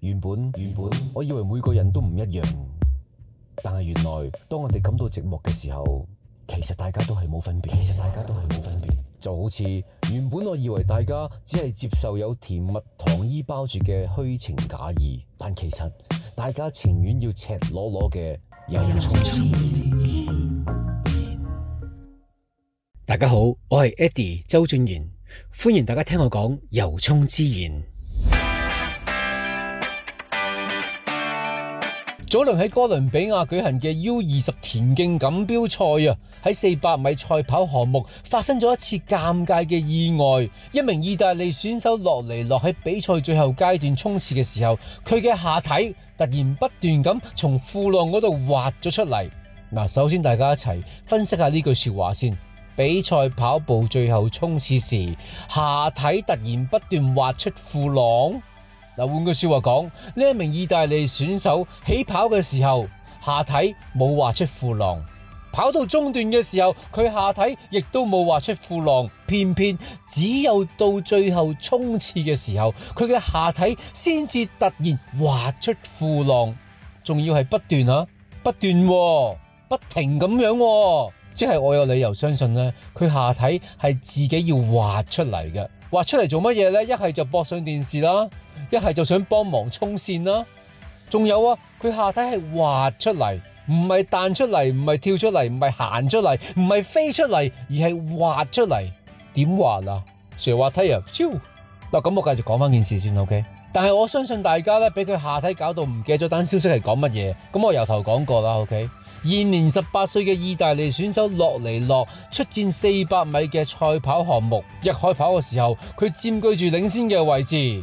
原本，原本，我以為每個人都唔一樣，但係原來，當我哋感到寂寞嘅時候，其實大家都係冇分別。其實大家都係冇分別，就好似原本我以為大家只係接受有甜蜜糖衣包住嘅虛情假意，但其實大家情願要赤裸裸嘅。由衷之言。大家好，我係 Eddie 周俊賢，歡迎大家聽我講由衷之言。早輪喺哥倫比亞舉行嘅 U 二十田徑錦標賽啊，喺四百米賽跑項目發生咗一次尷尬嘅意外。一名意大利選手落嚟落喺比賽最後階段衝刺嘅時候，佢嘅下體突然不斷咁從褲浪嗰度滑咗出嚟。嗱，首先大家一齊分析下呢句說話先。比賽跑步最後衝刺時，下體突然不斷滑出褲浪。嗱，換句説話講，呢一名意大利選手起跑嘅時候，下體冇畫出褲浪；跑到中段嘅時候，佢下體亦都冇畫出褲浪，偏偏只有到最後衝刺嘅時候，佢嘅下體先至突然畫出褲浪。仲要係不斷啊，不斷、啊，不停咁、啊、樣，即係我有理由相信呢，佢下體係自己要畫出嚟嘅。畫出嚟做乜嘢呢？一係就博上電視啦。一係就想幫忙衝線啦，啊，仲有啊，佢下體係滑出嚟，唔係彈出嚟，唔係跳出嚟，唔係行出嚟，唔係飛出嚟，而係滑出嚟。點滑啊？上滑梯啊？超。嗱，咁我繼續講翻件事先，OK？但係我相信大家咧，俾佢下體搞到唔記得咗，單消息係講乜嘢？咁我由頭講過啦，OK？現年十八歲嘅意大利選手洛尼洛出戰四百米嘅賽跑項目，一開跑嘅時候，佢佔據住領先嘅位置。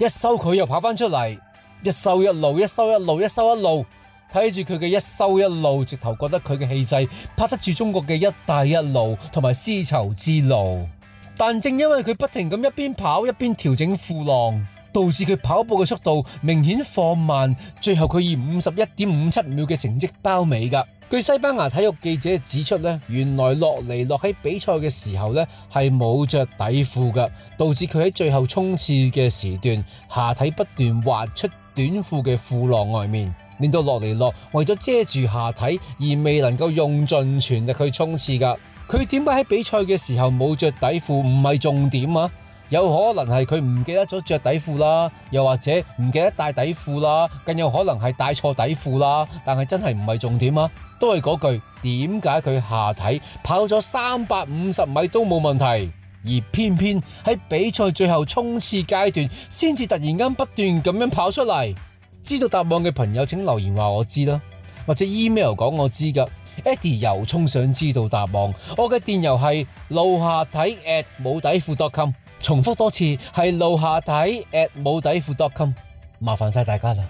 一收佢又跑返出嚟，一收一路，一收一路，一收一路，睇住佢嘅一收一路，直頭覺得佢嘅氣勢拍得住中國嘅一帶一路同埋絲綢之路。但正因為佢不停咁一邊跑一邊調整褲浪，導致佢跑步嘅速度明顯放慢，最後佢以五十一點五七秒嘅成績包尾㗎。據西班牙體育記者指出咧，原來洛尼洛喺比賽嘅時候咧係冇着底褲噶，導致佢喺最後衝刺嘅時段下體不斷滑出短褲嘅褲浪外面，令到洛尼洛為咗遮住下體而未能夠用盡全力去衝刺噶。佢點解喺比賽嘅時候冇着底褲？唔係重點啊！有可能係佢唔記得咗着底褲啦，又或者唔記得帶底褲啦，更有可能係帶錯底褲啦。但係真係唔係重點啊，都係嗰句點解佢下體跑咗三百五十米都冇問題，而偏偏喺比賽最後衝刺階段先至突然間不斷咁樣跑出嚟。知道答案嘅朋友，請留言話我知啦，或者 email 講我知噶。Eddie 又冲想知道答案，我嘅電郵係路下體 at 冇底褲 .com。重複多次係樓下睇 at 冇底褲 .com 麻煩晒大家啦。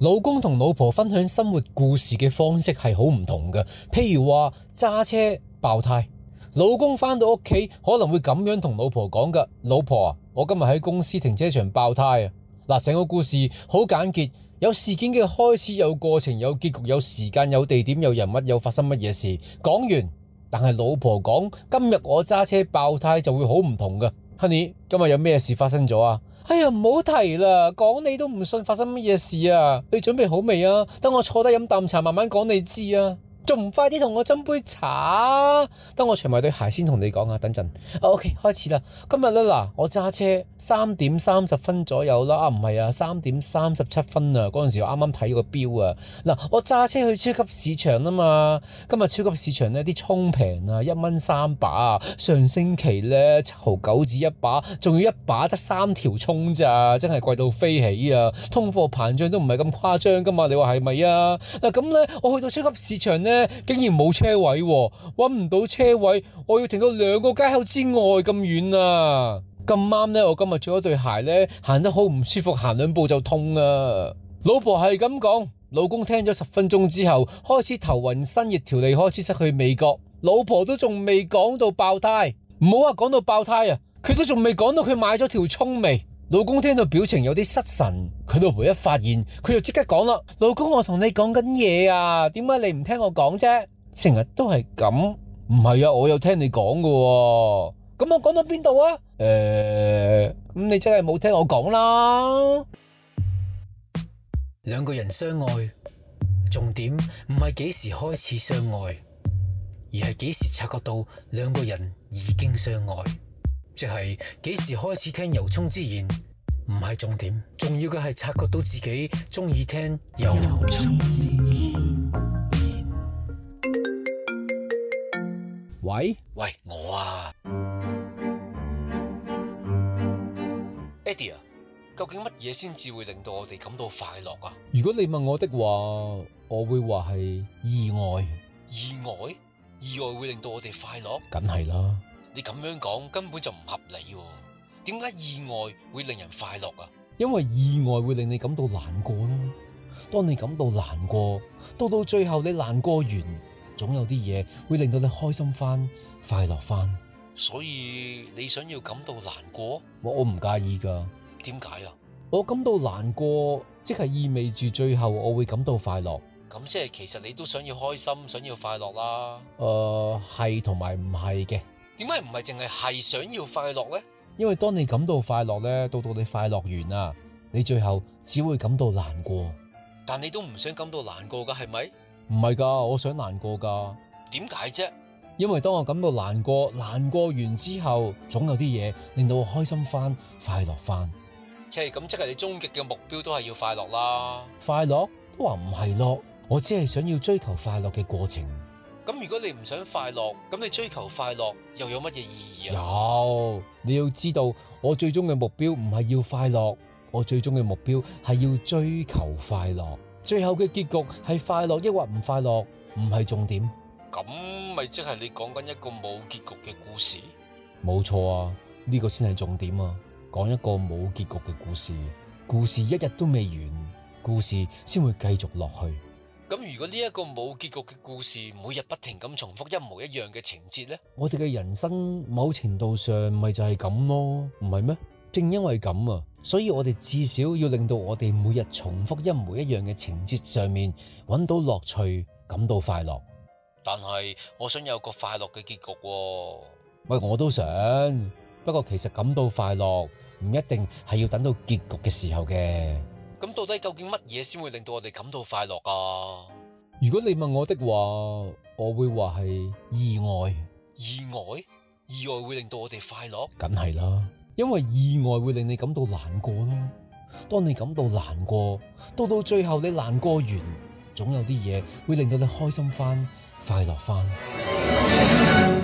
老公同老婆分享生活故事嘅方式係好唔同嘅。譬如話揸車爆胎，老公返到屋企可能會咁樣同老婆講嘅：，老婆啊，我今日喺公司停車場爆胎啊。嗱，成個故事好簡潔，有事件嘅開始，有過程，有結局，有時間，有地點，有人物，有發生乜嘢事。講完，但係老婆講今日我揸車爆胎就會好唔同嘅。Honey，今日有咩事發生咗啊？哎呀，唔好提啦，講你都唔信發生乜嘢事啊！你準備好未啊？等我坐低飲啖茶，慢慢講你知啊。仲唔快啲同我斟杯茶？等我除埋對鞋先同你講啊！等陣，OK 開始啦！今日咧嗱，我揸車三點三十分左右啦，啊唔係啊，三點三十七分啊！嗰陣時我啱啱睇個錶啊！嗱，我揸車去超級市場啊嘛！今日超級市場咧啲蔥平啊，一蚊三把，上星期咧七毫九紙一把，仲要一把得三條蔥咋，真係貴到飛起啊！通貨膨脹都唔係咁誇張噶嘛？你話係咪啊？嗱咁咧，我去到超級市場咧。竟然冇車位喎，搵唔到車位，我要停到兩個街口之外咁遠啊！咁啱呢，我今日着咗對鞋呢，行得好唔舒服，行兩步就痛啊！老婆係咁講，老公聽咗十分鐘之後，開始頭暈身熱，條脷開始失去味覺。老婆都仲未講到爆胎，唔好話講到爆胎啊！佢都仲未講到佢買咗條蔥未。老公聽到表情有啲失神，佢老婆一發現，佢就即刻講啦：老公，我同你講緊嘢啊，點解你唔聽我講啫？成日都係咁，唔係啊，我有聽你講噶，咁我講到邊度啊？誒，咁、呃、你真係冇聽我講啦。兩個人相愛，重點唔係幾時開始相愛，而係幾時察覺到兩個人已經相愛。即係幾時開始聽由衷之言唔係重點，重要嘅係察覺到自己中意聽由衷之言。喂喂，我啊，Eddie 啊，究竟乜嘢先至會令到我哋感到快樂啊？如果你問我的話，我會話係意外。意外？意外會令到我哋快樂？梗係啦。你咁樣講根本就唔合理，啊，點解意外會令人快樂啊？因為意外會令你感到難過咯，啊。當你感到難過，到到最後你難過完，總有啲嘢會令到你開心翻，快樂翻。所以你想要感到難過，我我唔介意噶。點解啊？我感到難過，即係意味住最後我會感到快樂。咁即係其實你都想要開心，想要快樂啦，啊。誒，呃，係同埋唔係嘅。點解唔係淨係係想要快樂呢？因為當你感到快樂呢，到到你快樂完啊，你最後只會感到難過。但你都唔想感到難過噶，係咪？唔係噶，我想難過噶。點解啫？因為當我感到難過，難過完之後，總有啲嘢，令到我開心翻、快樂翻。即係，咁即係你終極嘅目標都係要快樂啦。快樂都話唔係樂，我只係想要追求快樂嘅過程。咁如果你唔想快樂，咁你追求快樂又有乜嘢意義啊？有，你要知道，我最終嘅目標唔係要快樂，我最終嘅目標係要追求快樂。最後嘅結局係快樂抑或唔快樂，唔係重點。咁咪即係你講緊一個冇結局嘅故事？冇錯啊，呢個先係重點啊！講一個冇結局嘅故事，故事一日都未完，故事先會繼續落去。咁如果呢一個冇結局嘅故事每日不停咁重複一模一樣嘅情節呢，我哋嘅人生某程度上咪就係咁咯，唔係咩？正因為咁啊，所以我哋至少要令到我哋每日重複一模一樣嘅情節上面搵到樂趣，感到快樂。但係我想有個快樂嘅結局喎。喂，我都想，不過其實感到快樂唔一定係要等到結局嘅時候嘅。咁到底究竟乜嘢先會令到我哋感到快樂啊？如果你問我的話，我會話係意外。意外？意外會令到我哋快樂？梗係啦，因為意外會令你感到難過啦。當你感到難過，到到最後你難過完，總有啲嘢會令到你開心返、快樂返。